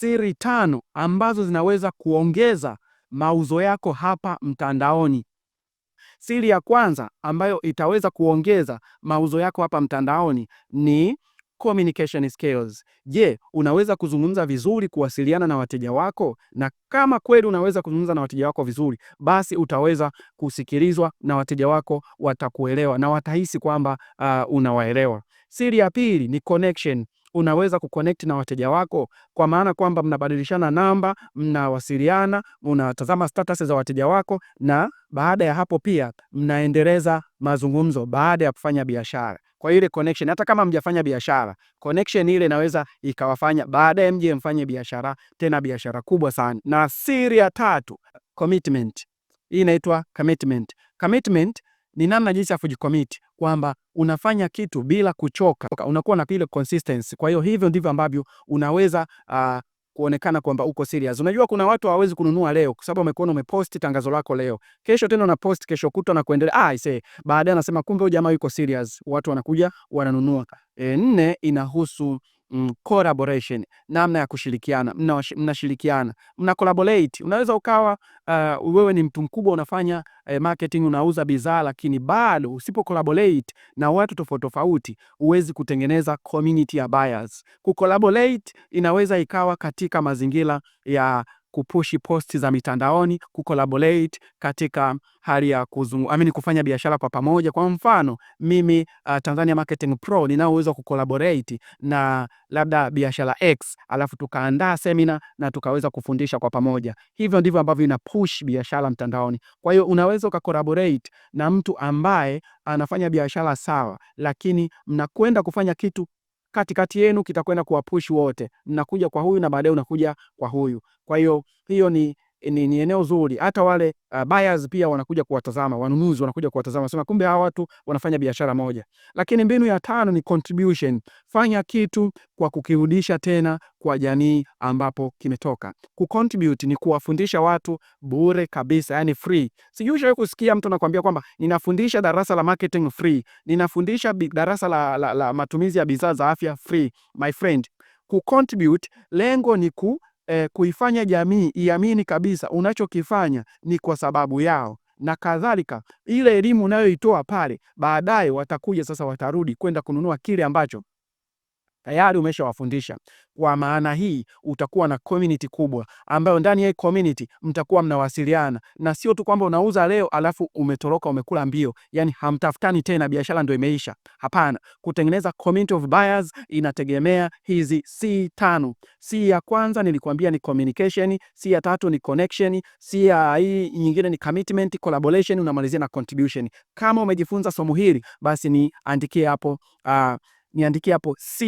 siri tano ambazo zinaweza kuongeza mauzo yako hapa mtandaoni. Siri ya kwanza ambayo itaweza kuongeza mauzo yako hapa mtandaoni ni communication skills. Je, unaweza kuzungumza vizuri kuwasiliana na wateja wako? Na kama kweli unaweza kuzungumza na wateja wako vizuri, basi utaweza kusikilizwa na wateja wako watakuelewa na watahisi kwamba uh, unawaelewa. Siri ya pili ni connection unaweza kuconnect na wateja wako, kwa maana kwamba mnabadilishana namba, mnawasiliana, unatazama status za wateja wako, na baada ya hapo pia mnaendeleza mazungumzo baada ya kufanya biashara. Kwa ile connection, hata kama mjafanya biashara, connection ile inaweza ikawafanya baadaye mje mfanye biashara tena, biashara kubwa sana. Na siri ya tatu, commitment. Hii inaitwa commitment. Commitment ni namna jinsi ya kujikomiti kwamba unafanya kitu bila kuchoka, unakuwa na ile consistency. Kwa hiyo hivyo ndivyo ambavyo unaweza uh, kuonekana kwamba uko serious. Unajua kuna watu hawawezi kununua leo kwa sababu amekuona umepost tangazo lako leo. Kesho tena una post kesho kutwa na kuendelea. Ah, ise baadaye anasema kumbe huyu jamaa yuko serious. Watu wanakuja wananunua. E, nne inahusu mm, collaboration, namna ya kushirikiana, mnashirikiana, mna collaborate. Unaweza ukawa uh, wewe ni mtu mkubwa unafanya uh, marketing unauza bidhaa, lakini bado usipo collaborate na watu tofauti tofauti huwezi kutengeneza community ya buyers. Ku collaborate inaweza ikawa katika mazingira ya kupushi posti za mitandaoni, kucollaborate katika hali ya kuzungu, mean, kufanya biashara kwa pamoja. Kwa mfano mimi uh, Tanzania Marketing Pro ninao uwezo kucollaborate na labda biashara X, alafu tukaandaa semina na tukaweza kufundisha kwa pamoja. Hivyo ndivyo ambavyo ina push biashara mtandaoni. Kwa hiyo unaweza ukacollaborate na mtu ambaye anafanya biashara sawa, lakini mnakwenda kufanya kitu katikati yenu kitakwenda kuwapush wote, mnakuja kwa huyu na baadaye unakuja kwa huyu. Kwa hiyo hiyo ni ni, ni eneo zuri. Hata wale uh, buyers pia wanakuja kuwatazama, wanunuzi wanakuja kuwatazama, sema kumbe hawa watu wanafanya biashara moja. Lakini mbinu ya tano ni contribution. Fanya kitu kwa kukirudisha tena kwa jamii ambapo kimetoka. Kucontribute ni kuwafundisha watu bure kabisa, yani free. Sijui ushawahi kusikia mtu anakuambia kwamba ninafundisha darasa la marketing free, ninafundisha darasa la, la, la matumizi ya bidhaa za afya free. My friend, kucontribute lengo ni ku eh, kuifanya jamii iamini kabisa unachokifanya ni kwa sababu yao na kadhalika. Ile elimu unayoitoa pale, baadaye watakuja sasa, watarudi kwenda kununua kile ambacho tayari umeshawafundisha. Kwa maana hii utakuwa na community kubwa, ambayo ndani ya hii community mtakuwa mnawasiliana, na sio tu kwamba unauza leo alafu umetoroka umekula mbio, yani hamtafutani tena, biashara ndio imeisha. Hapana, kutengeneza community of buyers inategemea hizi C tano. C ya kwanza nilikwambia ni communication, C ya tatu ni connection, C ya hii nyingine ni commitment, collaboration, unamalizia na contribution. Kama umejifunza somo hili, basi niandikie hapo, uh, niandikie hapo C.